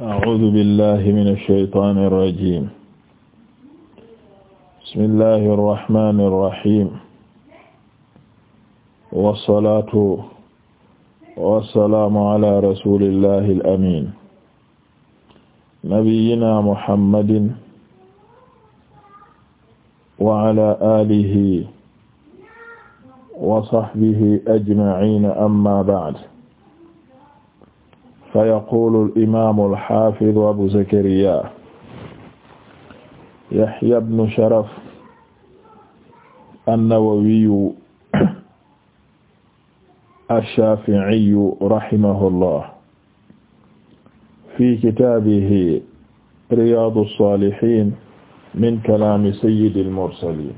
أعوذ بالله من الشيطان الرجيم بسم الله الرحمن الرحيم والصلاة والسلام على رسول الله الأمين نبينا محمد وعلى آله وصحبه أجمعين أما بعد fa yaqulu al-imaamu al-haafidu abu zakariyaa yahya ibnu sharaf an-nawawiyu ash-shaafi'iyu rahimahullah fi kitaabihi riyaadu saalihiin min kalaami sayyidi al-mursaliin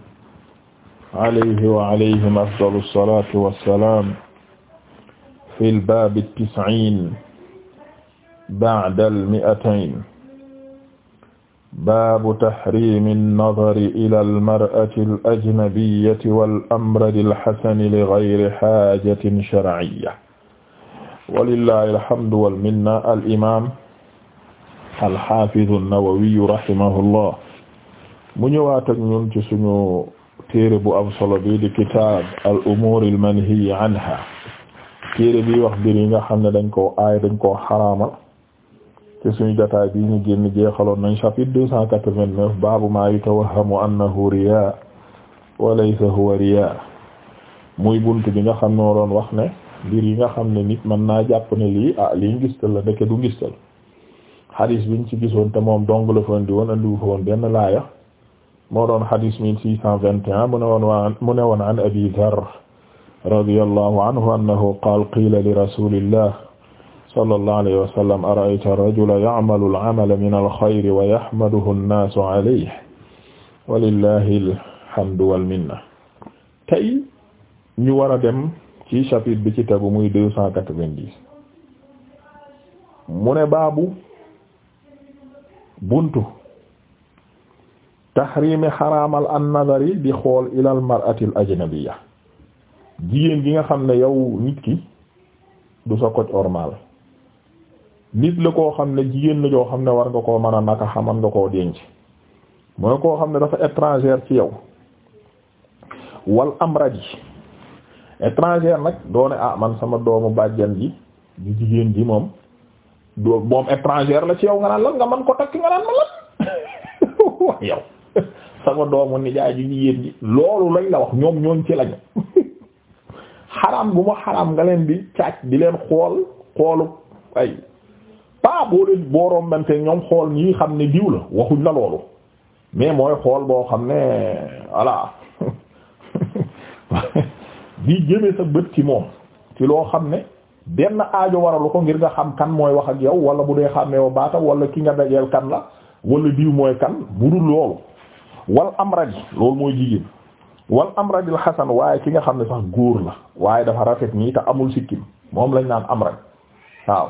alayhi wa alayhim afdalu salaatu wa salaam fil baabi at-tis'iin ba'dal mi'atayn baabu taxriimi nnadari ilal mar'atil ajnabiyyati wal amradil xasani li xayri xaajatin sharciyya. walillaahi alhamdu wal minna al imaam alxaafidu nnawawiyu rahimahullah mu ñëwaat ak ñun ci suñu téere bu am solo bii di kitaab al umuuri al manhiyyi anhaa téere bi wax mbir yi nga xam ne dañ koo aay dañ koo xaraamal. ci suñu jotaay bi ñu génn jeexaloon nañ chapitre deux cent quatre-vingt-neuf baabu maa yutawahhamu annahu riyaa wa laysa huwa riyaa muy bunt bi nga xam ne doon wax ne mbir yi nga xam ne nit mën naa jàpp ne lii ah lii ngistal la ndeke du ngistal xadis biñ ci gisoon te moom dong la fa andi woon andiwu fa benn laaya moo doon xadis mille six cent vingt et mu ne woon abi dhar radiyallahu anhu annahu qaala qiila li rasulillah sallallahu alayhi wa sallam ara'ayta rajula ya'malu min al-khayri wa yahmaduhu an-naasu alayhi walillahi alhamdu wal minna tey ñu war a dem ci chapitre bi ci tegu muy deux cent quatre vingt mu ne baabu buntu taxriimi xaraamal an nazari di xool ilal mar'atil ajnabiya jigéen gi nga xam ne yow nit du sa ormal nit la koo xam ne jigéen la joo xam ne war nga koo mën a naka xaman nga koo denc mooy koo xam ne dafa étranger ci yow wal amradi étranger nag doone ah man sama doomu bàjjan ji ñu jigéen ji moom doo moom étranger la ci yow nga naan lan nga man ko takk nga naan ma lan wax sama doomu nijaay ji jigéen ji loolu lañ la wax ñoom ñooñ ci lañu xaram bu ma xaram nga leen di caac di leen xool xoolu ay pas boo leen ñoom xool nii xam ne diw la waxuñ la loolu mais mooy xool boo xam ne voilà di jëme sa bët ci moom ci loo xam ne benn aajo waralu ko ngir nga xam kan mooy wax ak yow wala bu dee xàmmee wa baata wala ki nga dajeel kan la wala diw mooy kan bu budul loolu wal am raj loolu mooy jigéen wal am radil xasan waaye ki nga xam ne sax góor la waaye dafa rafet nii te amul sikkim moom lañ naan am raj waaw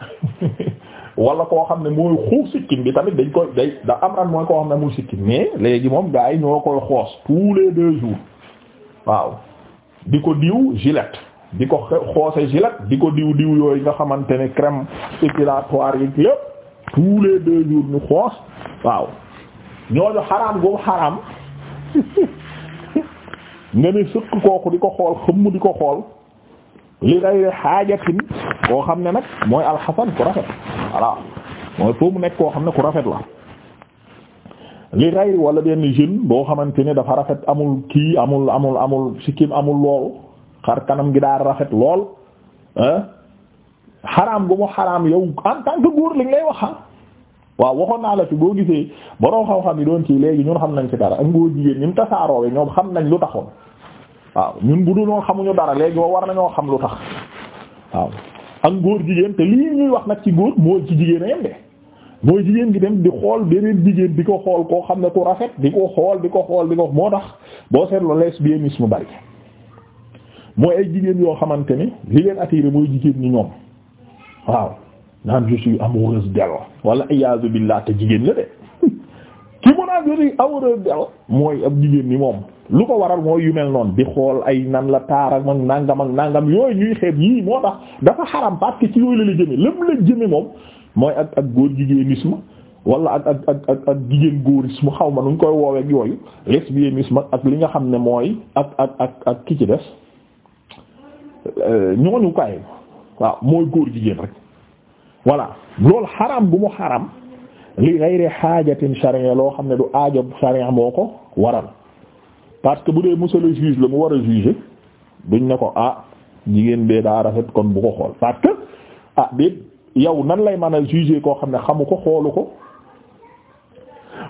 wala koo xam ne mooy xuuf sikkim bi tamit dañ koy day da am ran mooy koo xam ne amul sikkim mais léegi moom gaa yi ñoo koy xoos tous les deux jours waaw di ko diw gilette di ko xoose gilette di ko diw diw yooyu nga xamante ne crème épilatoire yi yépp tous les deux jours ñu xoos waaw ñooñu xaraam boobu xaraam nga ne sëkk kooku di ko xool xëmm di ko xool li gayri xaajatin koo xam ne nag mooy alxasan ku rafet voilà mooy foo mu nekk koo xam ne ku rafet la li gayri wala denn jeune boo xamante ne dafa rafet amul kii amul amul amul sikkim amul lool xar kanam gi daa rafet lool xaraam bu mu xaraam yow en tant que góor liñ lay wax waaw waxoon naa la fi boo gisee borom xam-xam yi doon ci léegi ñun xam nañ ci dara ak ngóor jigéen ñun tasaaroo ñoom xam nañ lu taxoon. waaw ñun bu dul xamuñu dara léegi war nañoo xam lu tax waaw ak góor jigéen te lii ñuy wax nag ci góor mooy ci jigéen a yem de mooy jigéen gi dem di xool beneen jigéen di ko xool koo xam ne ku rafet di ko xool di ko xool di ko moo tax boo seetloo lesbianisme bari mooy ay jigéen yoo xamante ni li leen attiré mooy jigéen ñi ñoom waaw naan je suis amoureuse d'elle wala iyaazu billah te jigéen la de ki mun a je suis amoureuse d'elle mooy am jigéen ni moom. lu ko waral mooy yu mel noonu bi xool ay nan la taar ak man nangam ak nangam yooyu ñuy xeeb yii moo tax dafa xaram parce ci yooyu la la jëme lépp la jëme moom mooy ak ak góor jigéenisme wala ak ak ak ak jigéen góorisme xaw ma nuñ koy woowee ak yooyu lesbianisme ak li nga xam ne mooy ak ak ak ki ci def euh, ñooñu kay waaw mooy góor jigéen rek voilà loolu xaram bu mu xaram li ghayri xaajatin sharia loo xam ne du aajo sharia moo ko waral parce que bu dee monsieur le juge la mu war a juger duñ ne ko ah jigéen bee daa rafet kon bu ko xool parce que ah déet yow nan lay mën a juger koo xam ne xamu ko xoolu ko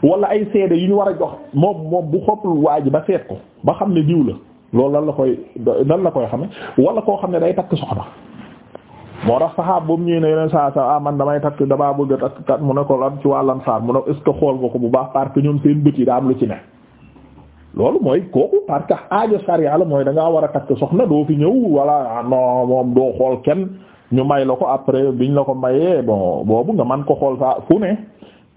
wala ay seede yu ñu war a jox moom moom bu xopul waa ji ba seet ko ba xam ne diw la loolu lan la koy lan la koy xame wala koo xam ne day takk soxna moo tax saxaab boobu ñëwee ne yeneen saa saa ah man damay takk damaa bëgg a takk kat mu ne ko lan ci wàllan saar mu ne est xool nga ko bu baax parce ñoom seen bët yi daa lu ci ne. loolu mooy kooku parce que aajo sariya la mooy da war a takk soxna doo fi ñëw walla ah non moom doo xool kenn ñu may la ko après biñ la ko mayee bon boobu nga man ko xool saa fu ne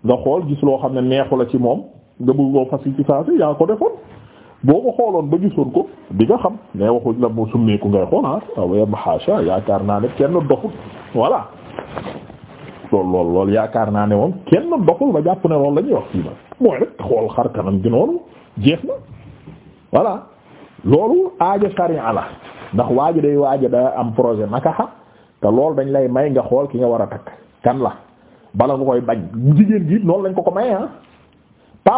nga xool gis loo xam ne neexu la ci moom nga bëgg koo fas ko boo ko xooloon ba ko di nga xam mais waxuñ la mu summeeku ngay xool ah waaye macha yaakaar naa ne kenn doxul voilà. lool lool lool yaakaar naa ne moom kenn doxul ma jàpp ne loolu la ñuy wax fii ba mooy rek xool xar kanam gi noonu jeex na voilà loolu aaja sariya la ndax waaja day waaja da am projet nakaxa te loolu dañ lay may nga xool ki nga war a takk kan la bala nga koy bañ jigéen gi noonu lañ ko ko may ah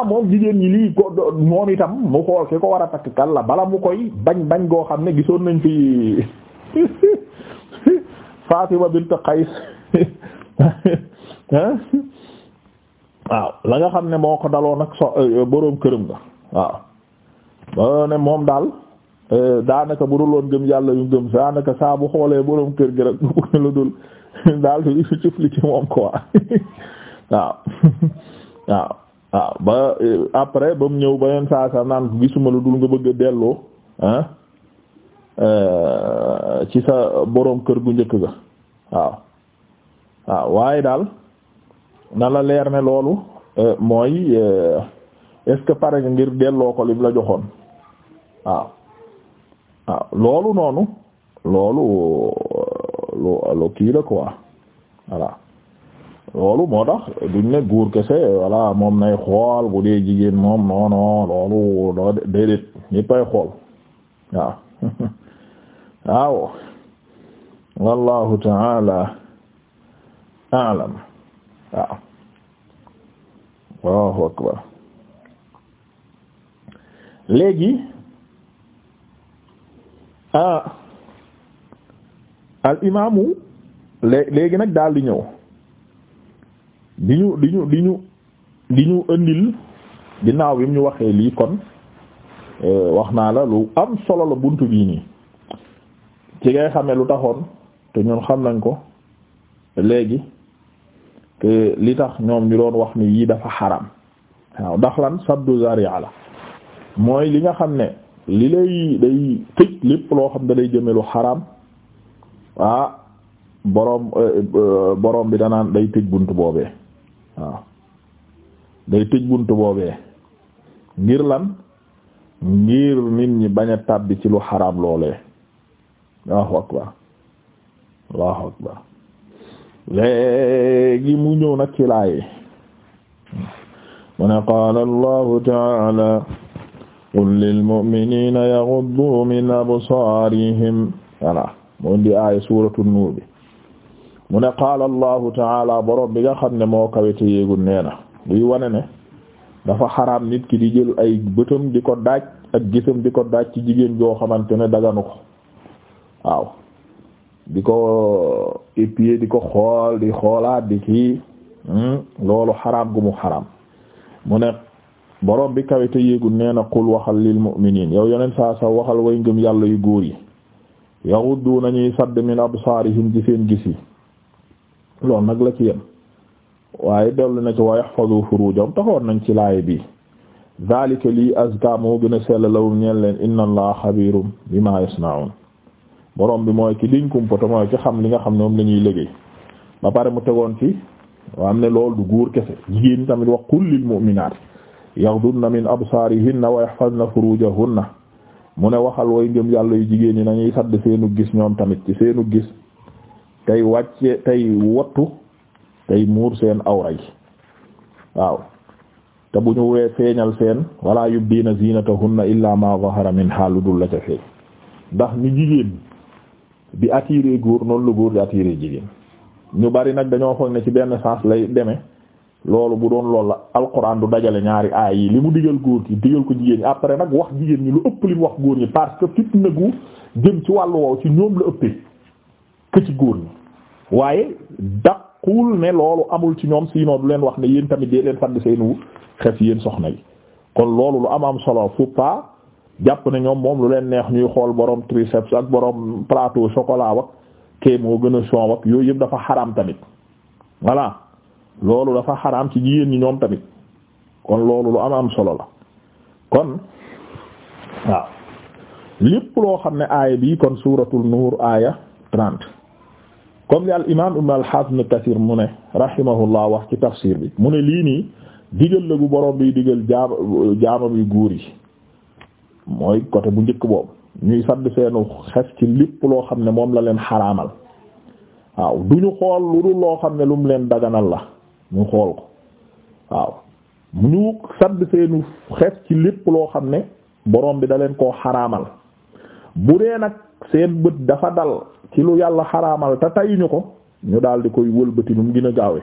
moom jigéen ñi lii ko moom itam mu ko war a takk kan la bala mu koy bañ bañ goo xam ne gisoon nañ fi Fatima bint Qays ah. waaw la nga xam ne moo ko daloo nag so euh, boroom këram nga waaw ba ne moom daal euh, daanaka bu dul woon gëm yàlla yu gëm daanaka saa bu xoolee borom kër gi rek bu ko lu dul daal di cëfli ci moom quoi waaw waaw waaw ba euh, après ba mu ñëw ba yenn saa sa naan gisuma lu dul nga bëgg a delloo ah ci sa boroom kër gu njëkk ga waaw waaw waaye daal na la leer ne loolu mooy. est-ce que pare ngir delloo ko lim la joxoon waaw waaw loolu noonu loolu lu lu kii la quoi loolu moo tax duñ ne kese voilà moom nay xool bu dee jigéen moom non loolu loo déedéet ñëppay xool waaw waaw wallahu taala aalam waaw allahu léegi ah al imaamu léegi nag daal di ñëw di ñu di ñu li ñu di ñu indil ginnaaw bi ñu waxee lii kon euh, wax naa la lu am solo la buntu bii nii ci ngay xamee lu taxoon te ñun xam nañ ko léegi que li tax ñoom ñu doon wax ni yii dafa xaram waaw ndax lan sabdu zari'a la mooy li nga xam ne li lay day tëj lépp loo xam ne day jëme lu xaraam ah boroom eh, eh, boroom bi danaan day tëj bunt boobee waaw day tëj bunt boobee ngir lan ngir nit ñi bañ a tàbbi ci lu xaraam loolee Allahu akbar Allahu akbar léegi mu ñëw nag ci laaye mu ne qaala Allahu qul lilmuminina yaghuddu min absaarihim voilà mu indi aaya suuratu nuur bi mu ne qaala allahu taala borom bi nga xam ne moo kawete yéegul nee na luy wane ne dafa xaraam nit ki di jël ay bëtam di ko daaj ak gisam di ko daaj ci jigéen joo xamante ne daganu ko waaw di ko épier di ko xool di xoolaat di kii hmm, loolu xaraam gu mu xaraam mu ne borom bi kawe te yéegul nee na qul waxal lil mu'miniin yow yeneen saa sa waxal way ngëm yàlla yu góor yi yaxuddu nañuy sadd min absaarihim ci seen gis yi loolu nag la ci yem waaye dellu na ci wa yahfazu furuujahum taxoon nañ ci laay bi zalika lii azka moo gën a sell lawum ñeen leen inna allaha xabirum bima yasnaun borom bi mooy ki liñ kumpata mooy ki xam li nga xam ne moom la ñuy liggéey ba pare mu tegoon ci waa am ne lool du góor kese jigéen ñi yaghdudna min absaarihinna wa yahfazna furujahunna mu ne waxal way ngëm yàlla yu jigéen ñi nañuy sadd seenu gis ñoom tamit ci seenu gis tey wàcce tey wottu tey muur seen awra yi waaw te bu ñu wee feeñal seen wala yubdiina zinatahunna illa ma zahara minha lu dul la ca feeñ ndax ni jigéen di attirer góor noonu góor di attirer jigéen ñu bari nag dañoo foog ne ci benn sens lay demee loolu bu doon loolu la alquran du dajale ñaari aay yi li mu digal góor gi digal ko jigéen ñi après nag wax jigéen ñi lu ëpp li mu wax góor ñi parce que fitna gu jëm ci wàllu woow ci ñoom la ëppee que góor ñi waaye daqul ne loolu amul ci ñoom sinon du leen wax ne yéen tamit dee leen fànn seenu xef yéen soxna yi kon loolu lu am am solo faut jàpp ne ñoom moom lu leen neex ñuy xool borom triceps ak borom plateau chocolat wak kee moo gën a son wak yëpp dafa xaram tamit loolu dafa xaraam ci jigéen ñi ñoom tamit kon loolu lu am am solo la kon waaw lépp loo xam ne aaya bi kon suuratul nuur aaya trente comme li al imaam ibn al hafiz ibn kathir mu ne rahimahullah wax ci tafsir bi mu ne lii nii digal la bu borom bi digal jaam jaamam yu góor yi mooy côté bu njëkk boobu ñuy sadd seenu xef ci lépp loo xam ne moom la leen xaramal waaw du ñu xool lu dul loo xam ne lu mu leen daganal la ñu xool ko waaw ñu sadd seenu xef ci lépp loo xam ne borom bi da leen koo xaraamal bu dee nag seen bët dafa dal ci lu yàlla xaraamal te tayuñu ko ñu daal di koy wëlbati nu mu gën a gaawee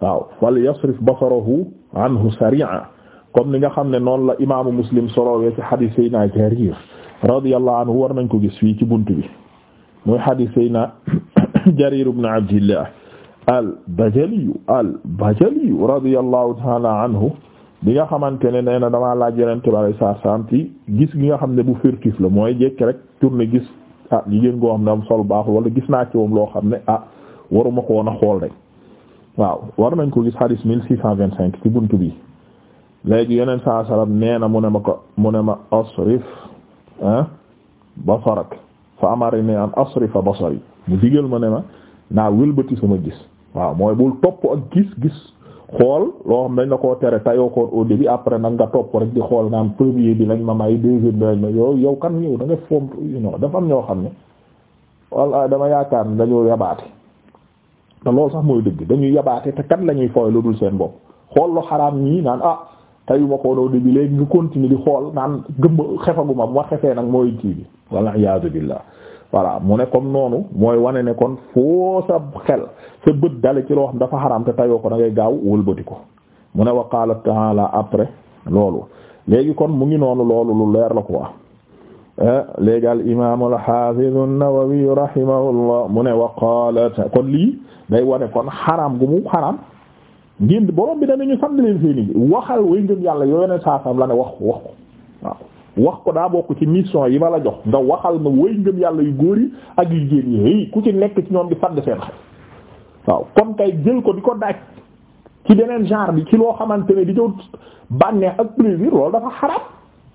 waaw fal yasrif basarahu anhu sari'a comme ni nga xam ne noonu la imaamu muslim solowee ci xadiis sayna jarir radiyallahu anhu war nañ ko gis fii ci bunt bi muy xadiis sayna jarir ibn abdillah al-Bajaliyu al-Bajaliyu radiyallahu ta'ala anhu bi nga xamante ne nee na damaa laaj yonente bi alayhi salaatu salaam ci gis gi nga xam ne bu furtif la mooy jékki rek tourné gis ah jigéen goo xam ne am sol baaxul wala gis naa ci moom loo xam ne ah waruma ko woon xool rek waaw war nañ ko gis hadis mille six cent vingt cinq ci buntu bi léegi yeneen saa salaam nee na mu ne ma ko mu ne ma asrif ah basarak fa amarini an asrifa basari mu digal ma ne ma naa wëlbati sama waaw mooy bul topp ak gis-gis xool loo xam dañ la koo tere tayoo koon au début après nag nga topp rek di xool naan premier bi lañ ma may deuxième bi lañ ma yow yow kan ñëw dafa xam ne walla ah, dama yaakaar ne dañoo yabaate te loolu sax mooy dañuy yabaate te kan la ñuy fooy seen bopp xool xaraam ñii naan ah tayuma koon au di xool naan gëmba xefaguma bu ma xefee nag kii bi walla iyaazu billah voilà mu ne comme noonu mooy wane ne kon foo sa xel sa bët dale ci loo xam dafa xaraam te tayoo ko da gaaw wëlbati ko mu ne wa qaala ta'ala loolu léegi kon mu ngi noonu loolu lu leer la quoi eh, léegi al imaam al haafiz an-Nawawi rahimahullah mu ne wa qaala kon lii day wane kon xaram gu mu xaraam ngir borom bi danañu sant leen seeni waxal way ngëm yàlla yooyu ne saasam la ne wax wax ko waaw wax ko daa bokk ci mission yi ma jox nga waxal ma way ngëm yàlla yu góor yi ak yu jigéen yi hey ku ci nekk ci ñoom di fàdd seen waaw comme kay jël ko di ko daaj ci beneen genre bi ci loo xamante ne di jëw bànneex ak plaisir loolu dafa xaram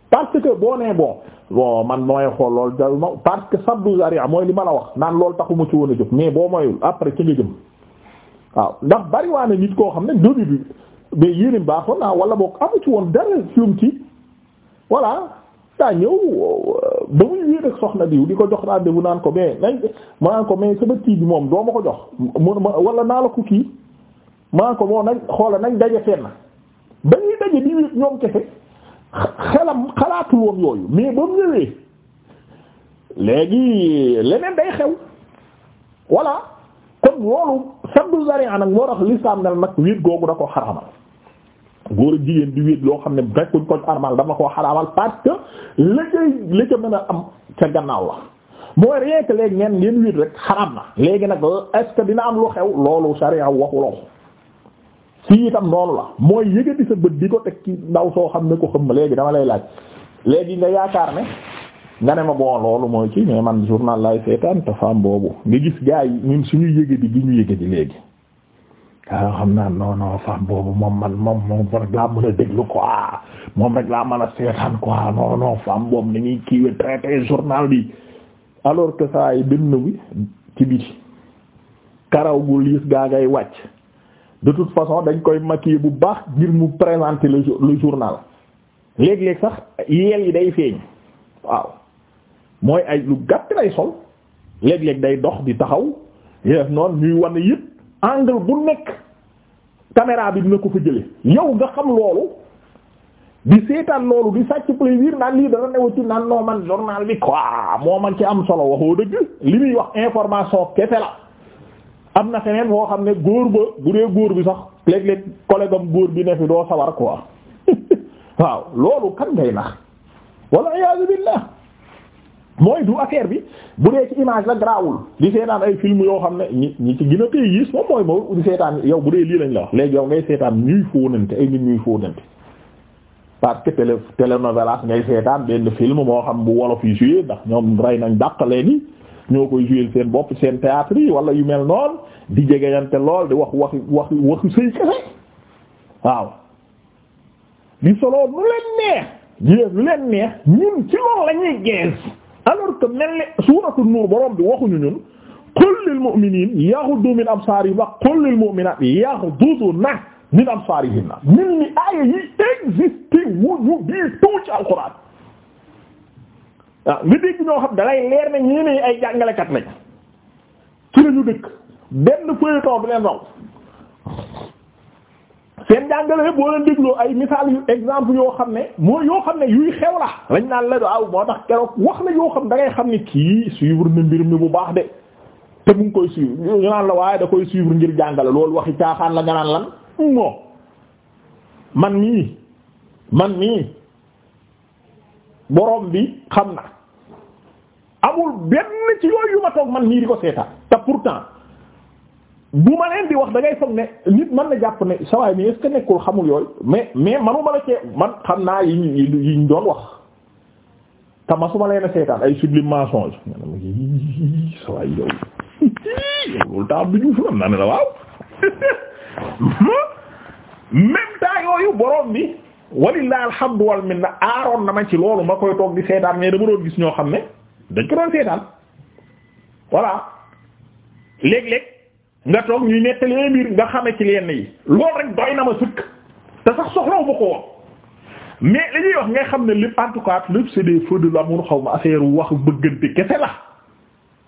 parce que boo nee bon bon man mooy xool lool dal ma parce que du zaria mooy li ma la wax naan loolu taxuma ci woon a jóg mais boo moyul après ci nga jëm waaw ndax bariwaane nit koo xam ne début bi mais yéenim baaxoon naa wala boog amu ci woon dara fium ci voilà daa ñëw ba muy wéet ak soxna diw di ko jox rendez-vous naan ko mais nañ ma naan ko mais sama kii bi moom doo ma ko jox wala naa la ko kii ma naan ko moo xoola nañ daje fenn ba ñuy daje di wéet ñoom kese xelam xalaatul woon yooyu mais ba mu ñëwee léegi leneen day xew voilà kon loolu saddu zari'a nag moo tax lislaam nag wéet googu da ko xaramal góor ak jigéen di wéet loo xam ne rekkuñ ko armal dama koo xaraamal parce que li li ko mën a am ca gannaaw la mooy rien léegi ngeen ngeen wéet rek xaraam na léegi nag est-ce dina am lu xew loolu sharia waxuloo fii itam noonu la mooy yëgati sa bët di ko teg ci ndaw soo xam ne ko xam léegi dama lay laaj léegi nga yaakaar ne nga ne ma bon loolu mooy ci mais man journal lay seetaan te boobu nga gis gaa yi ñun suñu yëgati gi ñu yëgati léegi waaw xam naa non non femme boobu moom man moom moom rek laa mën a déglu quoi moom rek laa mën a seetaan quoi non non femme boobu ni ñuy kiiwe traité journal bi alors que saa yi dënn bi ci biti karaw gu liis gaa ngay wàcc de toute façon dañ koy maquiller bu baax ngir mu présenter le le journal léeg-léeg sax yeel yi day feeñ waaw mooy ay lu gàtt lay sol léeg-léeg day dox di taxaw yees noonu ñuy wane yëpp angle bu nekk caméra bi dina ko fa jële yow nga xam loolu di seetaan loolu di sàcc plaisir naan lii dana newa ci naan noo man journal bi quoi moo man ci am solo waxoo dëgg li muy wax information kese la am na feneen boo xam ne góor ba bu dee góor bi sax léeg-léeg collègue am góor bi ne fi doo sawar quoi waaw loolu kan ngay nax walla iyaazu billah mooy du affaire bi bu dee ci image la garaawul li seetaan ay film yoo xam ne ñi ñi ci gën a téye yiis moom mooy moo di seetaan yow bu dee lii lañ la wax léegi yow ngay seetaan ñuy fóonante ay nit ñuy fóonante parce que télé télénovelas ngay seetaan benn film moo xam bu wolof yi suyee ndax ñoom rey nañ dàq léegi ñoo koy jouer seen bopp seen théâtre yi wala yu mel noonu di jegeyante lool di wax wax wax waxu sëy kese waaw di solo nu leen neex lu leen alors que mel ni suuratu nuur borom bi waxuñu ñun qul lil mu'miniin yaghuddu min absaarihim wa qul lil mu'minaat yaghdudna min absaarihinna mel ni aaya yi existé wuñu bii tout ci alxuraan waaw nga dégg ñoo xam dalay leer na ñeneen ay jàngalekat lañ ci lañu dëkk benn feuilleton bi leen raw seen jàngale boo leen dégloo ay misaal yu exemple yoo xam ne mooy yoo xam ne yuy xew la lañ naan la daaw moo tax keroog wax la yoo xam ne dangay xam ne kii suivre na mbir mi bu baax de te mu koy suivre ñu naan la waaye da koy suivre ngir jàngale loolu waxi caaxaan la nga naan lan non man mii man mii boroom bi xam na amul benn ci yooyu yu ma toog man mii di ko seetaan te pourtant. bu ma leen di wax da ngay ne nit mën na jàpp ne sawaay mi est-ce que nekkul xamul yooyu mais mais manuma la man xam naa yi yi ñu doon wax te masuma leen seetaan ay sublimation yi sawaay yow naa ne la waaw même yooyu borom bi walillahi alhamdu wal minna aaroon na ma ci loolu ma koy toog di seetaan mais dama doon gis ñoo xam ne dañ ko doon seetaan voilà léeg-léeg nga toog ñuy nettalee mbir nga xame ci lenn yi loolu rek doy na ma sëkk te sax soxlaw ma ko woon mais li wax ngay xam ne lépp en tout cas lépp c'est des feux de xaw ma affaire wax bëggante kese la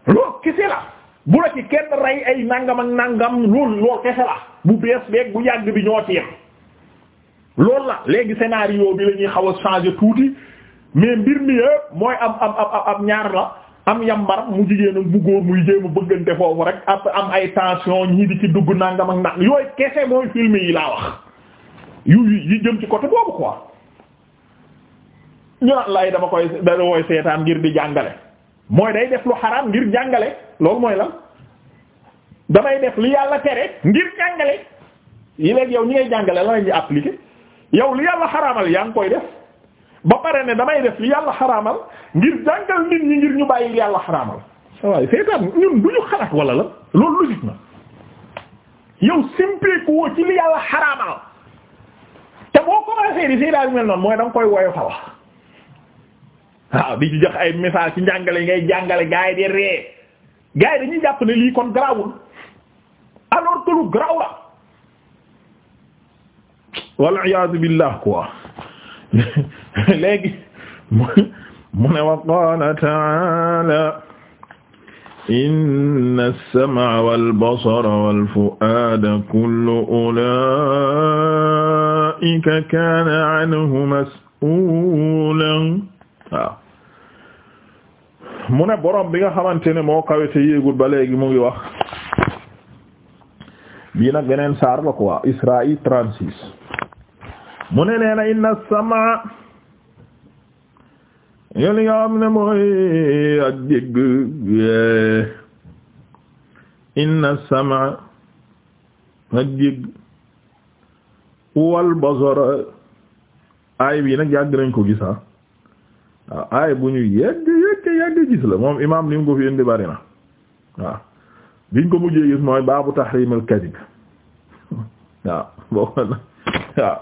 loolu kese la bu la ci kenn rey ay nangam ak nangam loolu loolu kese la bu bees beeg bu yàgg bi ñoo ci yem loolu la léegi scénario bi la ñuy xaw a changer tuuti mais mbir mi yëpp mooy am am am am ñaar la am yambar mu jigéenam bu góor muy jéem bëggante foofu rek ap am ay tension ñii di ci dugg nangam ak nang yooyu kese mooy film yi laa wax yu yi jëm ci côté boobu quoi ñu naan lay dama koy da wooy seetaan ngir di jàngale mooy day def lu xaraam ngir jàngale loolu mooy lan damay def li yàlla tere ngir jàngale yi léegi yow ñi ngay jàngale la lañuy appliquer yow lu yàlla xaraamal yaa ngi koy def ba pare ne damay def li yàlla xaraamal ngir jàngal nit ñi ngir ñu bàyyi li yàlla xaraamal waaye seetaan ñun du ñu xalaat wala la loolu logique na yow simple ko ci li yàlla xaraamal te boo commencé di seetaan mel noonu mooy da nga koy woyofal waaw di ci jox ay message ci njàngale yi ngay jàngale gars yi di ree gars yi dañuy jàpp ne lii kon garaawul alors que lu garaaw la wal iyaazu billah léegi mu ne wa qaala ta'aala inna sama wal basara wal fu'aada kullu ulaa'ika kaana 'anhu mas'uulan waaw ne borom bi nga xamante ne moo kawete yéegul ba léegi mu ngi wax bii nag beneen saar la quoi Israa'i 36 mu ne nee na sama li nga xam ne mooy ak dégg eh, inna sama ak dégg wal basara aay bi nag yàgg nañ ko gis ah waaw bu ñu yàgg yàgg yàgg gis la moom imaam li mu ko fi indi bari na waaw biñ ko mujjee gis mooy baabu tahriimul kadib waaw boo ko waaw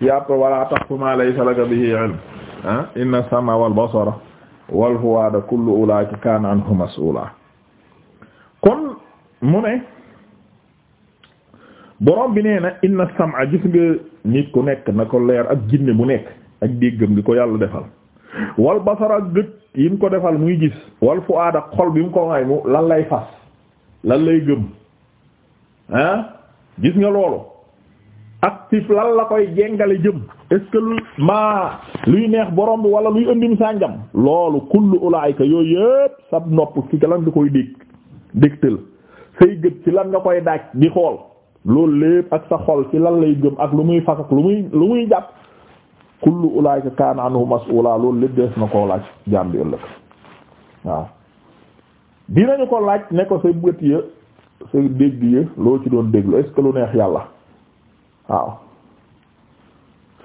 yàpp wala taqfu ma laysa laka bihi ilm ah inna sama wal basara wal fuwaada kullu ulaa'ika kaana anhu mas'uula kon mu ne borom bi nee na inna sama gis nga nit ku nekk na ko leer ak jinne bu nekk ak déggam gi ko yàlla defal wal basara ak gët yi mu ko defal muy gis walfu fuwaada xol bi mu ko may mu lan lay fas lan lay gëm ah gis nga loolu ak ci lan la koy jengale jëm est ce lu maa luy neex borom bi wala luy ëndim sànjam loolu kullu ulaayka yooyu yëpp sab nopp ci lan di koy dégg dégtal say gët ci lan nga koy daaj di xool loolu lépp ak sa xol ci lan lay jëm ak lu muy fas ak lu muy lu muy jàpp kullu ulaayka kaana anhu mas'uula loolu lépp dees na koo laaj jaam bi ëllëg waaw dinañu ko laaj ne ko sa bët ya sa dégg ya loo ci doon déglu est lu neex yàlla waaw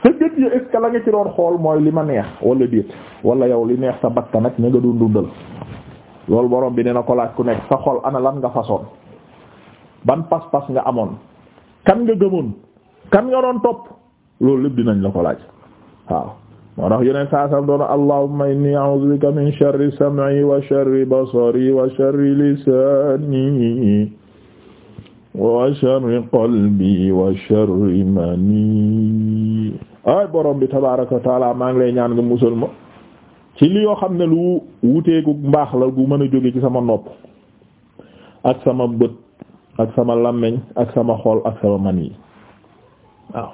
sa gët yi est la nga ci doon xool mooy li ma neex walla déet wala yow li neex sa bakka nag na nga doon loolu borom bi dina ko laaj ku nekk sa xol ana lan nga façon ban pas-pas nga amoon kan nga gëmoon kan nga doon topp loolu lépp dinañ la ko laaj waaw moo tax yeneen saa sam doon allahumma inni a'udhu bika min sharri sam'i wa basari wa sharri lisani wa sharri qalbi wa sharri mani ay borom bi tabaaraka wa maa ngi lay ñaan nga musal ma ci li yoo xam ne lu wuteegu mbaax la gu mën a jóge ci sama nopp ak sama bët ak sama làmmiñ ak sama xol ak sama man yi waaw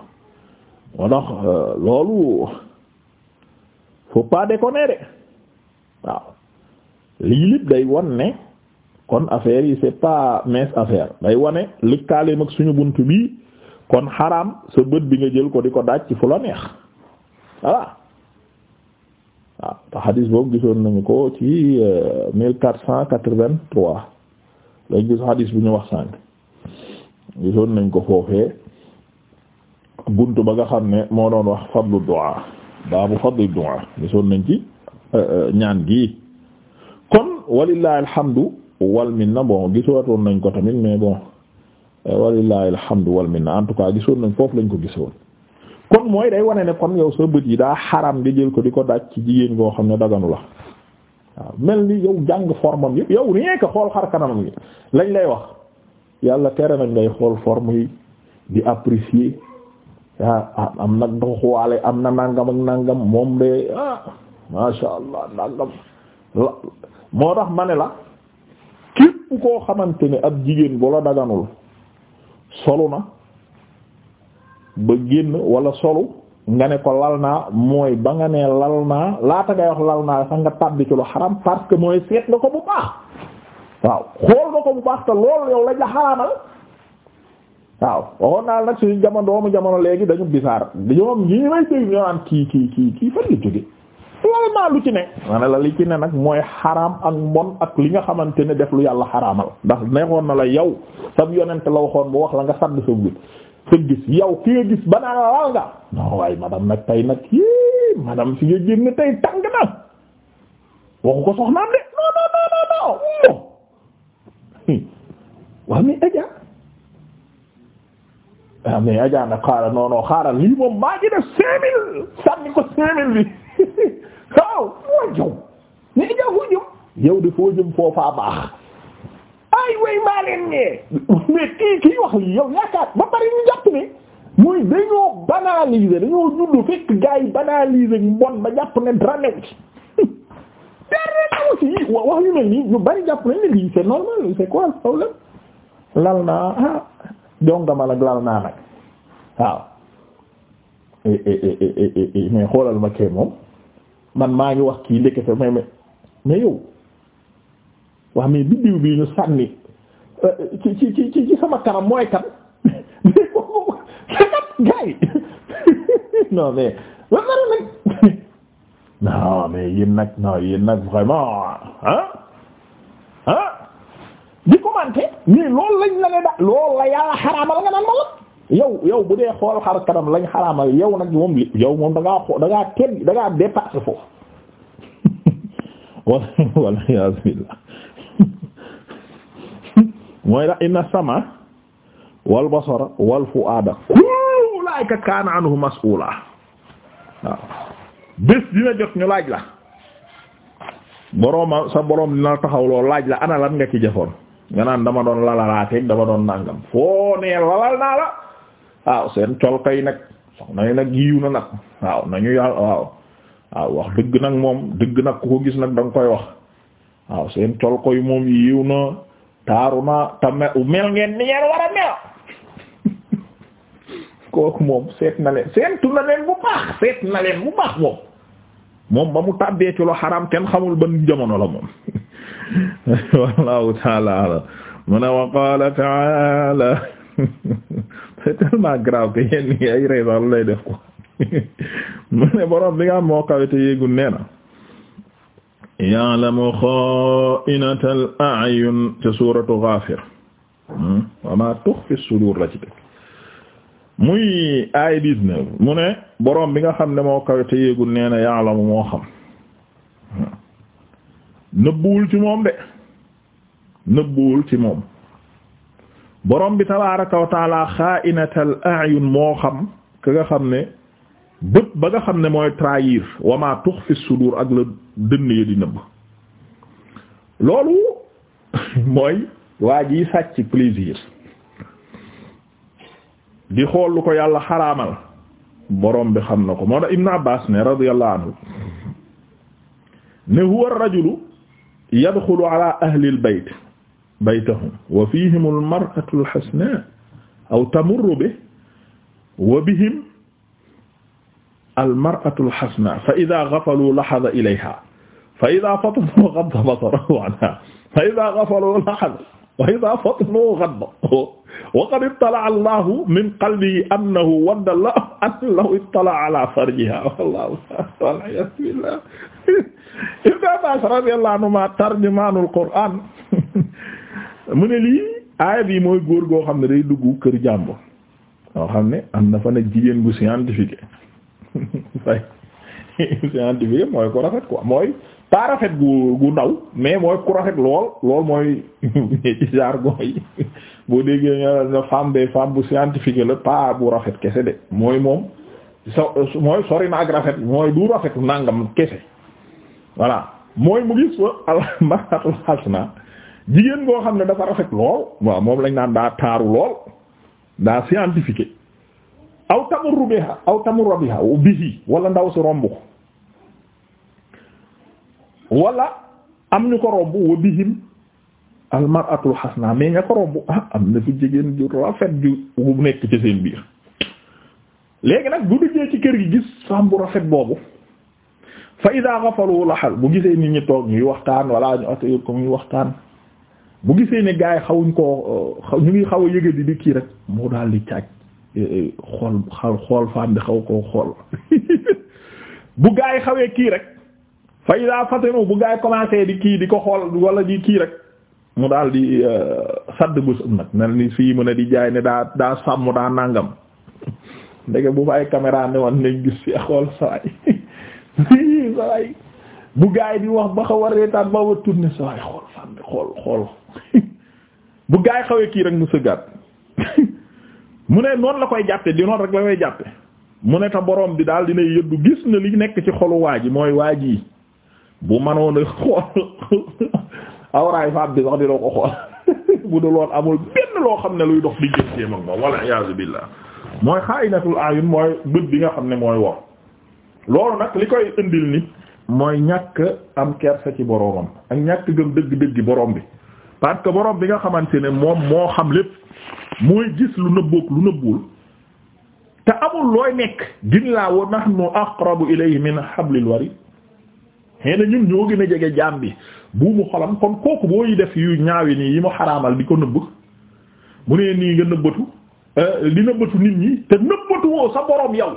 moo tax euh, loolu faut pas déconner de waaw lii lépp day won ne kon affaire yi c'est pas mince affaire day wane lëkkaaleem ak suñu bunt bii kon xaraam sa bët bi nga jël ko di ko daaj ci fu la neex voilà waaw ah, xadiis boobu gisoon nañu ko ci euh, mille quatre cent quatre-vingt-trois lañ gis xadiis ñu wax sànq gisoon nañ ko foofee bunt ba nga xam ne moo doon wax fadlu du'a baabu fadlu du'a gisoon nañ ci euh, euh, ñaan gi kon walillahi alhamdu wal minna bon gisoon nañ ko tamit mais bon walillahi alhamdu wal minna en tout cas gisoon nañ foofu lañ ko gisoon kon mooy day wane ne kon yow sa bët yi daa xaram di jël ko di ko daaj ci jigéen goo xam ne daganu la waaw mel ni yow jàng formam yëpp yow rien que xool xar kanamam yi lañ lay wax yàlla tere nañ ngay xool forme yi di apprécier ah, ah am nag doxuwaale am na nangam ak nangam moom de ah masha Allah nangam moo tax ma ne la. képp koo xamante ni ab jigéen bu la daganul solu na ba génn wala solu nga ne ko lal naa mooy ba nga ne lal naa laata ngay wax lal naa sax nga tàbbi ci xaram parce que mooy seet nga ko bu baax waaw xool nga ko bu baax te loolu yow lañ la xaraamal waaw waxoon naa nag suñu jamono doomu jamono léegi dañu bisaar ñoom ñii may sëy ñoo naan kii kii kii kii fan la loolu naa lu ci ne ma la li ci ne nag mooy xaraam ak mbon ak li nga xamante ne def lu yàlla xaraamal ndax neexoon na la yow sab yonent la waxoon bu wax la nga sadd sa gis sa gis yow ki nga gis banaa la laal nga non ko soxnaam de non non non non non waaw mais Adja waaw ah, mais Adja nag xaaral non xaaral lii moom maa ngi def cinq mille ko cinq bi yow de foo jëm foofaa baax ay way maa leen ñee kii kii wax yow yaakaar ba pare ñu jàpp ne muy dañoo banaliser dañoo judd fekk gars yi banaliser mbon ba jàpp ne dara ci dara new wax yu mel nii bari jàpp ne lii c'est normal c'est quoi le problème lal naa ah jongamal lal naa nag waaw eh, eh, eh, mais xoolal ma kay moom man maa ngi wax kii ndekete mais mais mais yow wax mais biddiw bii ñu sànni euh, ci ci ci ci sama kanam mooy kan mais kooku kat gars yi non mais wax dëgg la nga da la nga naan ma la yow yow bu dee xool xar kanam lañ xaraamal yow nag moom li yow moom da ngaa xoo da ngaa kenn da ngaa dépassé foofu wala wala yàlla. mooy la inna sama wal basara wal fuada kullu ulaika kana anhu mas'ula waaw bés dina jot ñu laaj la borooma sa boroom dina taxaw lool laaj la ana lan nga ci jëfoon nga naan dama doon lalalaateeg dama doon nàngam foo nee lalal naa la waaw seen col kay nag soxna yi nag yiw na nag waaw nañu yàll waaw waaw wax dëgg nag moom dëgg nag ko gis nag da koy wax waaw seen col koy moom yiw na taaru naa te mel ngeen ni ngeen war a kooku moom seet na leen seentu na leen bu baax seet na leen bu baax moom moom ba mu tàbbee ci xaram kenn xamul ban jamono la moom wallahu taala ala wa qala taala c'est tellement def ko mu ne am moo ya'lamu xaa'inatal a'yun ca suuratu Ghaafir hmm? wa maa tuxfi suduur la ci teg muy ay dix mu ne boroom bi nga xam ne moo kawe te yéegul nee na ya'lamu moo xam hmm. nëbbuwul ci moom de nëbbuwul ci moom boroom bi tabaaraka wa ta'aala xaa'inatal a'yun moo xam ka nga xam ne bët ba nga xam ne mooy trahir wa maa tuxfi suduur ak la. dënn ya di nëbb loolu mooy waa ji sàcc plaisir di xool lu ko yàlla xaraamal borom bi xam na ko moo tax Ibn Abbas ne radiyallahu anhu ne huwa ar-rajulu yadxulu ala ahli al-bayt baytahum wa fihim al-mar'atu al-hasna aw tamurru bihi wa bihim al-mar'atu al-hasna fa idha ghafalu lahadha ilayha fa ida fatanu gadda basarahu anha fa ida gafalu lahadu wa ida fatanu gadda wa qad ittala'a allahu min qalbihi annahu wadda law ittala'a ala farjiha wallahu wal-'iyaadu billah ibn Abbaas radiyallahu anhuma tarjumaanul Qur'aan mu ne lii aaya bi mooy góor goo xam ne day dugg kër jàmbur yoo xam ne am na fa nag jigéen gu scientifique scientifique mooy ko rafet quoi mooy pas rafet gu gu ndaw mais mooy ku rafet lool lool mooy ci jargon yi boo déggee ñu ne femme des bu scientifique la pas bu rafet kese de mooy moom so mooy sori na ak rafet mooy du rafet nangam kese voilà boo xam ne dafa rafet lool moom lañ naan daa taaru lool daa scientifique aw tamurru biha aw tamurru biha bihi wala ndaw si romb wala am ñu ko romb wa bihim almaratul naa mais ña ko romb ah am na fi jigéen ju rafet ju bu nekk ci seen biir léegi nag bu duggee ci kër gi gis femme bu rafet boobu fa ida gafalu laxal bu gisee nit ñi toog ñuy waxtaan wala ñu atayur ko waxtaan bu gisee ne gars yi xawuñ koo ñu ngi xaw a yëga di di kii rek moo daal di caaj eh, eh, xool xool femme bi xaw koo xool bu gars yi xawee kii rek fa ida fatanu bu gaay commencé di kii di ko xool wala di kii rek mu daal di euh, sadd bésam nag mel ni fii mu ne di jaay ne daa daa sàmm daa nàngam ndege bu fa ay caméra ne woon gis ci xool saway bu gaay di wax xaw a xool fan xool xool bu gaay xawee kii rek mu sëggaat mu ne noonu la koy jàppe di noonu rek la koy jàppe mu ne ta borom bi daal dinay yëddu gis na li nekk ci xolu waa ji mooy waa ji bu manoon a xool awraay faam bi sax di doo ko xool bu dul woon amul benn loo xam ne luy dox di jël téeméer moom walla iyaazu billaah mooy xaayinatul ayun mooy bët bi nga xam ne mooy wor loolu nag li koy indil nit mooy ñàkk am kersa ci boroomam ak ñàkk gëm dëgg-dëgg boroom bi parce que boroom bi nga xamante ne moom moo xam lépp mooy gis lu nëbbook lu nëbbuwul te amul looy nekk. ginnaaw wa nahnu aqrabu ilayhi min hablil warid xëy na ñun ñoo gën a jege jaam bi buumu xolam kon kooku booy def yu ñaawi nii yi mu xaraamal di ko nëbb mu ne nii nga nëbbatu li euh, nëbbatu nit ñi te nëbbatu woo sa borom yow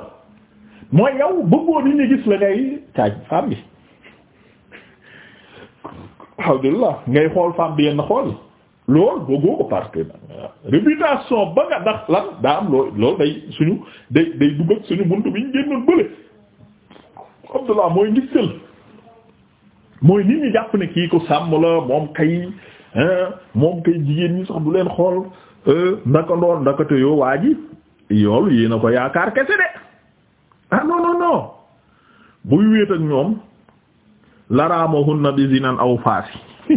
mooy yow bëggoo nit ñi gis la ngay caaj femme bi alhamdulillah ngay xool femme bi yenn xool loolu bëggoo ko parce que nga ndax lan daa am loolu loolu day suñu day day dugg suñu buntu bi ñu génnoon bële Abdullah mooy ngistal mooy nit ñi jàpp ne kii ko sàmm la moom kay moom kay jigéen ñi sax du leen xool euh, ndaka ndoon ndakate yoo waa ji yoolu yéen a ko yaakaar kese de ah non non non buy wéet ak ñoom laraamahunna bi zinan aw faasi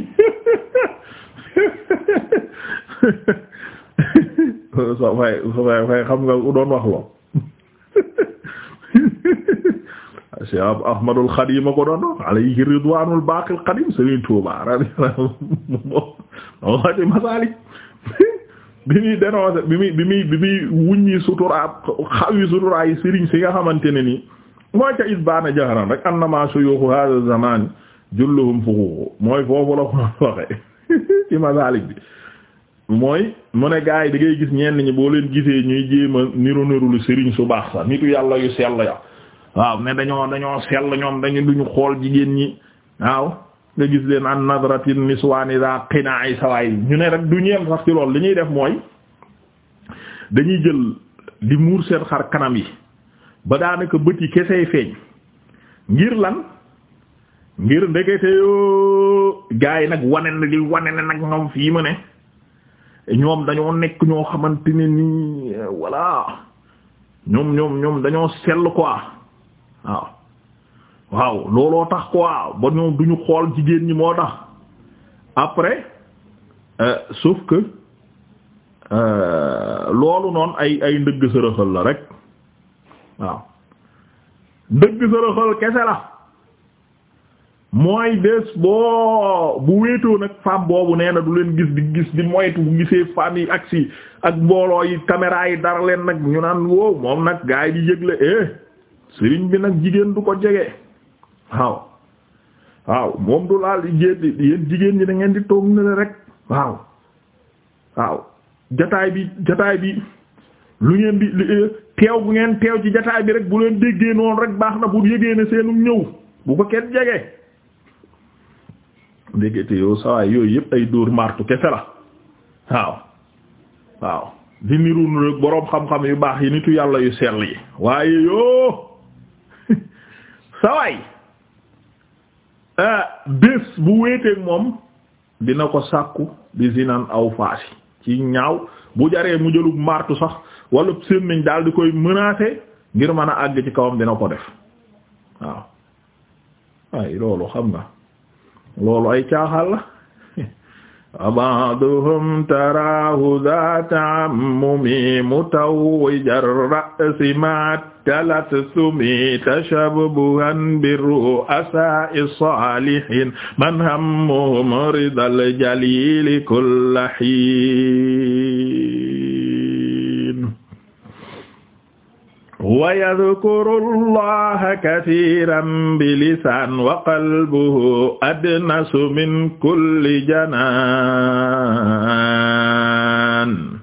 so fay so fay xam nga doon wax loo Cheikh Ahmadul Xadim ko doon doon alayhi ridwaanul baaqil qadim Serigne Touba radiyallahu moom waxati masaalik bi muy bi muy bi muy bi muy wuññi sutura xawi sutura yi si nga xamante ne nii mooy ca isbaana jahran rek annama shuyuukhu haadha zaman julluhum fuxuuxu mooy foofu la ko waxee ci masaalik bi mooy mu ne gars yi da ngay gis ñenn ñi boo leen gisee ñuy jéem niru niru lu Serigne su baax sax nitu yàlla yu sell ya waaw ne dañoo dañoo sell ñoom dañu duñu xool jigéen ñi waaw nga gis leen an nadratin niswaani daa qinaa'i sawaay ñu ne rek du ñeem sax ci loolu li ñuy def mooy dañuy jël di muur seen xar kanam yi ba daanaka bët yi kesey feeñ ngir lan ngir ndekete yoo gaa yi nag wane na li wane na nag ñoom fii mu ne ñoom dañoo nekk ñoo xamante ne nii voilà ñoom ñoom ñoom dañoo sell quoi waaw looloo tax quoi ba ñoom duñu xool jigéen ñi moo tax après euh, sauf que euh, loolu noon ay ay ndëgg sërëxal la rek waaw ndëgg sërëxal kese la mooy bés boo bu wéetoo nag femme boobu nee na du leen gis di gis di moytu bu gisee femme yi ak ak mbooloo yi caméra yi dara leen nag ñu naan wow moom nag gaa yi di yëgle eh. sëriñ bi nag jigéen du ko jege waaw waaw moom du laal jigéen yéen jigéen ñi da ngeen di toog ne rek waaw waaw jataay bi jataay bi lu ngeen di teew bu ngeen teew ci jataay bi rek bu leen déggee noonu rek baax na bu yégee ne seenu ñëw bu ko kenn jege ndégete yow sawaay yooyu yëpp ay dóor martu ke la waaw waaw di niru rek boroom xam-xam yu baax yi nitu yàlla yu sell yi waaye yoo sawaay eh, bés bu wéeteeg moom dina ko sàkku bi zinan aw faasi ci ñaaw bu jaree mu jëlub màrtu sax wala sémmiñ daal di koy mënaate ngir mën a àgg ci kawam dina ko def waaw waaye loolu xam nga loolu ay caaxal la ba'duhum taraahu zaata ammumi mutawwija ar-ra'si ma'a talassumi tashabbuhan bi ru'asaa'i saalihiin man hammuhum ridal jaliili kulla hiin wa yadkuru allaha katiran bilisan wa qalbuhu adnasu min kulli janaan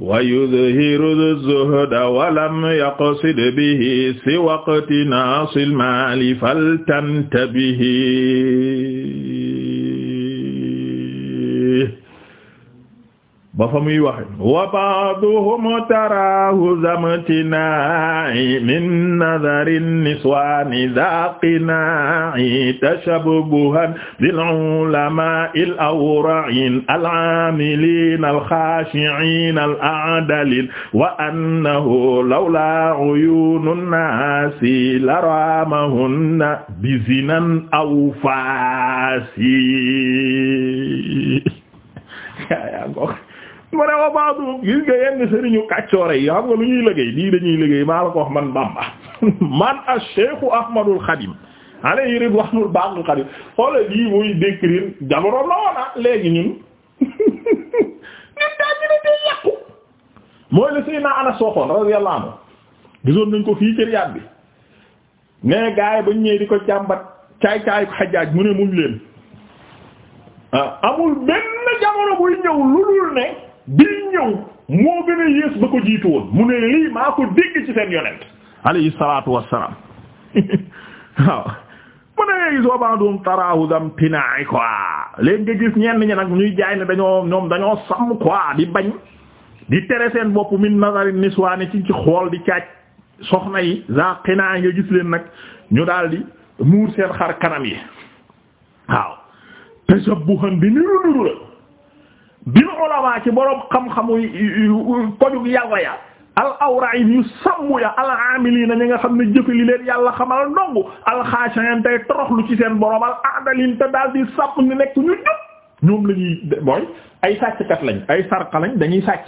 wa yudhiru zuhda walam yaqsid bihi si waqti naasil maali faltantabihi ba fa muy waxe wa ba'duhum taraahu zamtinaa'i min nadari niswaani zaqinaa'i tashabbuhan bil ulamaa'i al awra'in al aamiliin al xaashi'iin al a'daliin wa annahu lawlaa uyuunun naasi laraamahunna bizinan aw faasi ma ne wa baadu gis nga yenn sëriñu kàccoore yi xam nga lu ñuy liggéey lii dañuy liggéey maa la ko wax man Bamba man a Cheikhu Ahmadul Xadim alayhi ridwaanul baaqil qadiim xoola lii muy décrire jamono loona léegi ñun ñun daal ñu ne day yàqu mooy la Seydina Anas waxoon radiyallahu anhu ah, amul benn jamono buy ñëw lu dul ne bii ñëw moo gën a yées ba ko jiitu woon mu ne lii maa ko dégg ci seen yonent alayhi wassalaam waaw mu ne léegi soo baa doon taraahu dam tinaay quoi léegi nga gis ñenn ñi nag ñuy jaay ne dañoo ñoom dañoo sàmm quoi di bañ di tere seen bopp min nazari niswaani ci ci xool di caac soxna yi za qinaa nga gis leen nag ñu daldi muur seen xar kanam yi waaw tashabbuhan bi niru niru la bil ulama ci boroom xam-xamu koju yàlla ya al awra'in yu sàmm ya al amilina ñi nga xam ne jëfe li leen yàlla xamal ndongu al khashi'in tey ci seen borom al te daal di sàpp ni nekk ñu jub ñoom la ñuy mooy ay sàcckat lañ ay sarqa lañ dañuy sàcc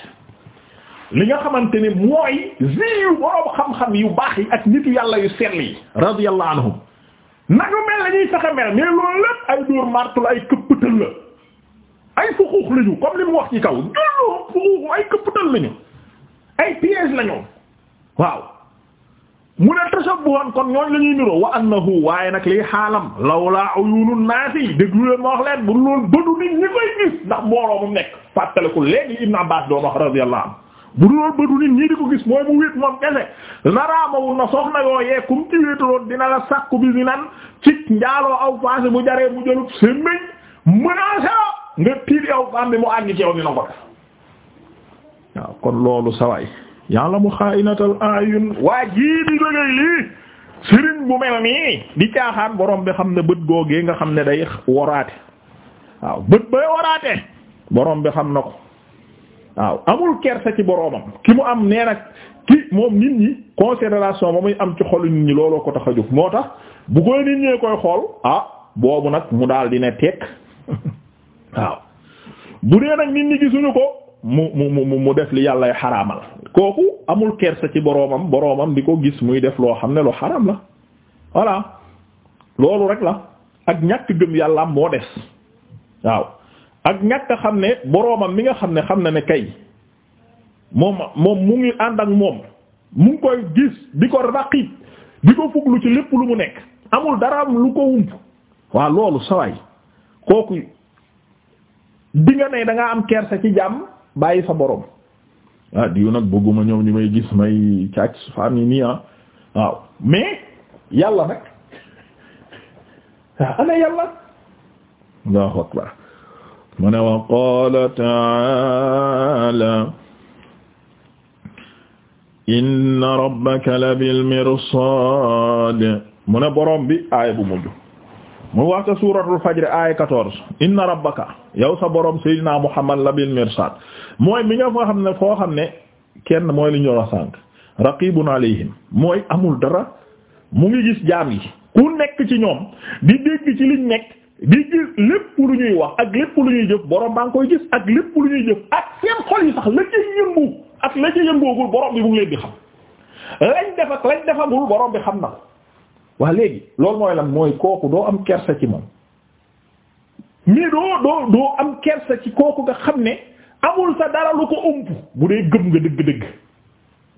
li nga xamante ne mooy ziyu borom xam-xam yu baax yi ak nitu yàlla yu sell yi radiyallahu anhum nañu mel la ñuy fexe mel mais ay dóor la ay këppatal la ay fuxuux lañu comme li mu wax ci kaw jullu fuxuux ay këppatal lañu ay piège lañu waaw mu ne tashabbuhan kon ñooñ la ñuy niroo wa annahu waaye nag lii xaalam lawlaa uyunu naasi déglu leen ma wax leen bu loolu bëdu nit ñi koy gis ndax mbooloo mu nekk fàttaliku léegi Ibn Abbas doon wax radiyallahu anhu bu dul bëtu nit ñii di ko gis mooy mu wéet moom kese naraamawul na soxna yooyee kum ci wéetaloon dina la sakku bi si nan ci njaaloo aw faase bu jaree nga tiir yow ba mu àgg ci yow dina ko def waaw kon loolu sawaay yàlla mu xaa'inatal ayun waa jii di lëgëy lii sëriñ bu mel nii di caaxaan borom bi xam ne bët googee nga xam ne day waraate waaw bët bay waraate borom bi xam na ko waaw amul kersa ci boromam ki mu am nee nag ki moom nit ñi considération ba muy am ci xolu nit ñi looloo ko tax a jóg moo tax bu koy nit ñee koy xool ah boobu nag mu daal dina tekk waaw bu dee nag nit ñi gisuñu ko mu mu mu mu def li yàllay xaraamal kooku amul kersa ci boroomam boroomam di ko gis muy def loo xam ne lu xaraam la voilà loolu rek la ak ñàkk gëm yàllaam moo des waaw ak ñàkk xam ne boroomam mi nga xam ne xam na ne kay moom moom mu ngi ànd ak moom mu ngi koy gis di ko raqib di ko fuglu ci lépp lu mu nekk amul dara lu ko wump waaw loolu sawaay kooku bi nga ne da ngaa am kersa ci jàmm sa borom ah diw nag bëgguma ñoom ñi may gis may càcc famille nii ah waaw ah. ana yàlla allahu akbar mu wa qaala ta'ala inna rabbaka labil mirsad mu ne borom bi aaya bu mujj mu waxta suuratul fajr aaya 14 inna rabbaka yow sa borom Seydina Muhammad la bil mirsad mooy mi nga fa xam ne foo xam ne kenn mooy lu ñu wax sànq raqibun alayhim mooy amul dara mu ngi gis jaam yi ku nekk ci ñoom bi dégg ci liñ nekk di gis lépp lu ñuy wax ak lépp lu ñuy jëf borom baa ngi koy gis ak lépp lu ñuy jëf ak seen xol yi sax la ci yëngu ak la ci yëngoogul borom bi mu ngi leen di xam lañ def ak lañ borom bi xam na ko waa léegi loolu mooy lan mooy kooku doo am kersa ci moom. mais doo doo doo am kersa ci kooku nga xam ne amul sa dara lu ko ump bu dee gëm nga dëgg-dëgg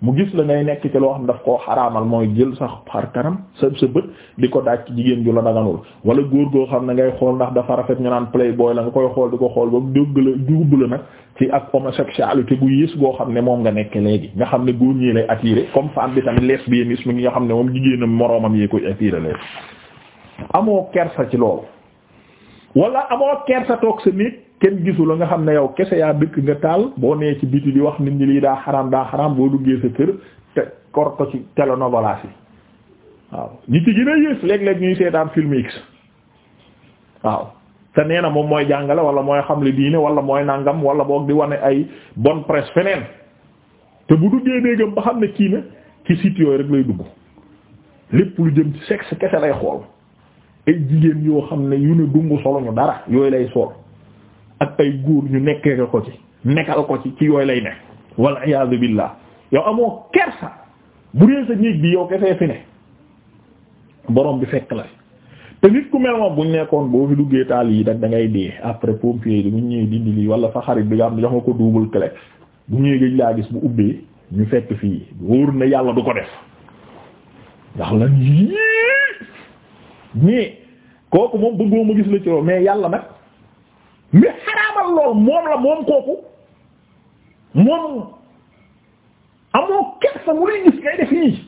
mu gis la ngay nekk ci loo xam daf koo xaraamal mooy jël sax xar kanam sa sa bët di ko daaj jigéen ju la daganul wala góor goo xam ne ngay xool ndax dafa rafet ñu naan playboy la nga koy xool di ko xool ba dugg la dugg la nag ci ak homosexualité gu yées goo xam ne moom nga nekk léegi nga xam ne góor ñi lay attiré comme femme bi tamit lesbianisme ngi nga xam ne moom jigéenam moroomam yee koy attiré léegi amoo kersa ci wala amoo kersa toog sa nit kenn gisu la nga xam ne yow kese yaa dëkk nga taal boo nee ci biti di wax nit ñi lii daa xaram daa xaram boo duggee sa kër te kor ko ci telenovelas yi waaw ñi ci gën a yées ñuy seetaan film X waaw te nee na moom mooy jàngale wala mooy xam le diine wala mooy nàngam wala boog di wane ay bon presse feneen te bu duggee déggam ba xam ne kii na ci site yooyu rek lay dugg lépp lu jëm ci kese lay xool ay jigéen yoo xam ne yu ne dungu solo ñu dara yooyu lay sol ak ay góor ñu nekkee ko ci nekkal ko ci ci yooyu lay nekk wal iyaadu billah yow amoo kersa bu dee sa néeg bi yow kefee fi ne boroom bi fekk la te nit ku mel moom nekkoon boo fi duggee taal yi nag da ngay dee après pompier yi bu ñu ñëwee dindi lii wala sa xarit bi nga xam ne jox ko duubal clé bu ñëwee gëj laa gis bu ubbee ñu fekk fii wóor na yàlla du ko def ndax lan yii mais kooku moom bëggoo mu gis la ci loolu mais yàlla nag mi xaraamal lool moom la moom kooku moom amoo kersa mu lay gis ngay def nii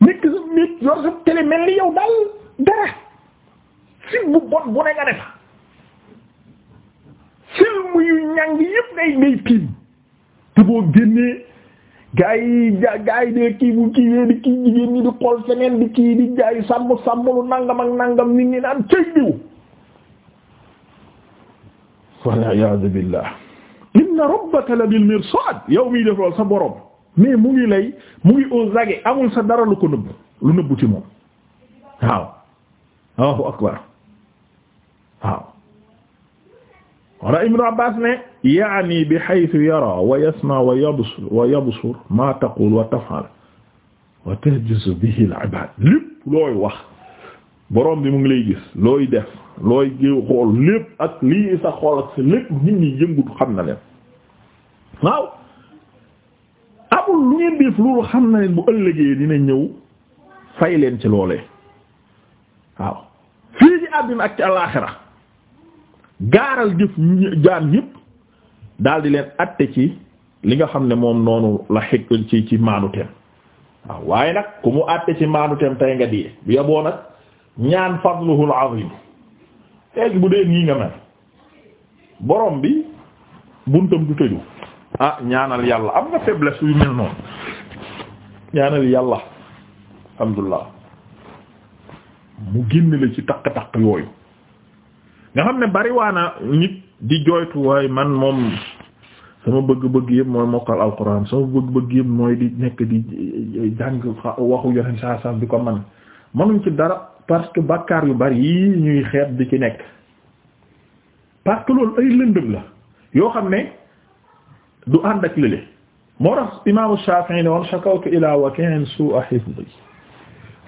nekk sa nit yor sa mel ni yow daal dara film bu bon bu ne nga def film yu ñàng yépp ngay ngay tiim te génnee gaa yi kii bu kii yee di kii jigéen ñi di xool feneen di kii di jaay sàmm sàmm lu nangam ak nangam nit ñi naan cëy diw walla iyaazu billaah inna rabbaka la bil mirsaad yow miy def lool sa borom mais mu ngi mu i au zage amul sa dara lu ko nëbb lu nëbb ci moom waaw akbar wana ibnu abbas ne yaani bi haythu yara wa ma taqul wa taf'al wa tahjuzu bihi al-ibad looy wax borom bi mu ngi lay gis looy def looy géew xool lépp ak lii sa xool ak sa lépp nit xam na leen waaw amul lu ngeen def xam na leen bu ëllëgee dina ñëw fay leen ci loolee waaw fii ci àddina ak alaaxira gaaral jëf jaam yëpp daal di leen atte ci li nga xam ne moom noonu la xeg ci ci maanu waaw waaye nag ku mu atte ci maanu teem tey nga di bu yeboo nag ñaan fadluhul azim léegi bu dee nii nga mel borom bi buntam du tëju ah ñaanal yàlla am nga faiblesse yu mel noonu ñaanal yàlla alhamdulillah mu génn la ci takk takk yooyu nga xam ne bariwaana nit di jooytu waaye man moom sama bëgg-bëgg yëpp mooy mokkal alquran sama bëgg-bëgg yëpp mooy di nekk di jàng waxu yoneen saa saa bi ko man manuñ ci dara parce que bàkkaar yu bari yi ñuy xeet di ci nekk parce que loolu ay lëndëm la yoo xam ne du ànd ak lële moo tax imaamu Shafi'i ne woon shakawtu ila waki'in su'a hifzi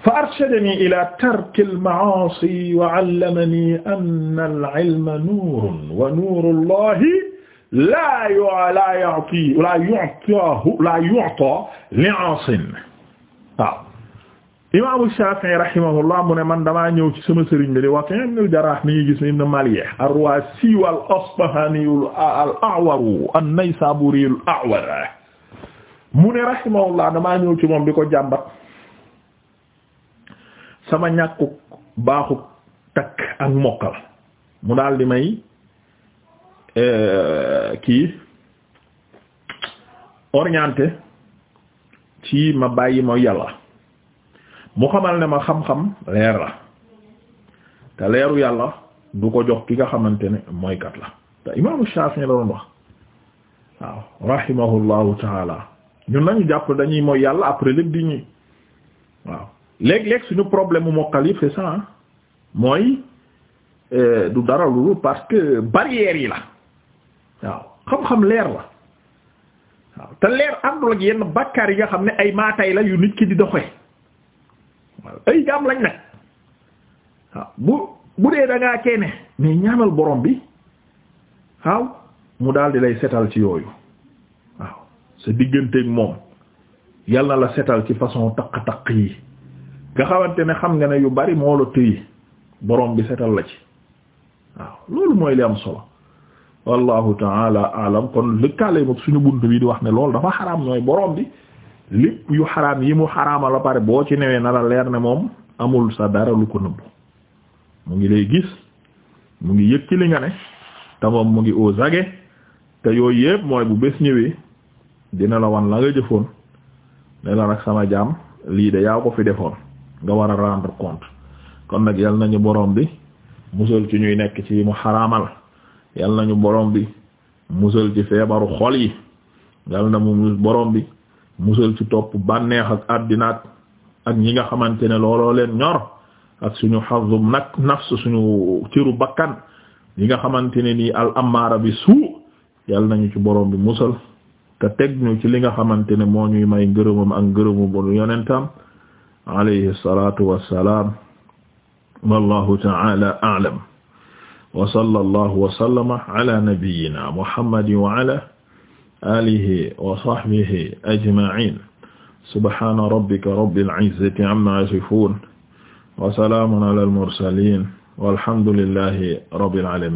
fa arshadani ila tarki al-ma'asi wa 'allamani anna al-'ilma nuurun wa nuuru llahi laa yu'ti laa yu'taahu laa yu'taa li'aasin waaw imaamu Shaafi'i rahimahullah mu ne man damaa ñëw ci sama sëriñ bi di Waki' ibn al-Jarraah ni ñuy gis ni ibn Malih ar-Ruwaasi al-Asbahaani al-A'war an-Naysaabuuri al-A'war mu ne rahimahullah damaa ñëw ci moom di ko jàmbat sama ñàkkuk baaxuk takk ak mokkal mu daal di may euh, kii orienté ci ma bàyyi mooy yàlla mu xamal ne ma xam-xam leer la te leeru yàlla du ko jox ki nga xamante ne mooykat la te imaamu Shafi'i la doon wax waaw rahimahullahu taala ñun lañu jàpp dañuy mooy yàlla après lépp di ñi waaw léeg-léeg suñu problème mu mokkal yi c'est ça mooy euh, du dara lu parce que barrières yi la waaw xam-xam leer la waaw te leer àndul ak yenn bakkaar yi nga xam ne ay maatay la yu nit ki di doxe waaw ay jaam lañ nag waaw bu bu dee da ngaa kene ñaanal borom bi waaw mu daal di lay setal ci yooyu waaw sa digganteeg moom yàlla na la setal ci façon taq-taq yi. nga xamante ne xam nga ne yu bari moo la tëyi borom bi setal la ci waaw loolu mooy li am solo wallahu taala alam kon lëkkaale moom suñu bunt bi di wax ne loolu dafa xaraam mooy borom bi lépp yu xaraam yi mu xaraama la pare boo ci newee na la leer ne moom amul sa dara lu ko nëbb mu ngi lay gis mu ngi yëg ci li nga ne te moom mu ngi aux aguets te yooyu yëpp mooy bu bés ñëwee dina la wan la nga jëfoon ne la nag sama jaam lii de yaa ko fi defoon nga war a rendre compte kon nag yal nañu borom bi musal ci ñuy nekk ci mu xaraamal yal nañu borom bi musal ci feebaru xol yi yal na mu borom bi musal ci topp bànneex ak àddina ak ñi nga xamante ne looloo leen ñor ak suñu xazum nag nafs suñu ciru bakkan yi nga xamante ne nii al amaara bi suu yal nañu ci borom bi musal te teg ñu ci li nga xamante ne moo ñuy may ngërëmam ak ngërëmu bu yonentam alayhi salaatu wa salaam wallaahu ta'aala a'lam wa sallallaahu wa sallama ala nabiyyina muhammadin wa ala aalihi wa sahbihi ajma'iin subhaana rabbika rabbil izzati amma yasifuun wa salaamun alal mursaliin walhamdu lillaahi rabbil aalamiin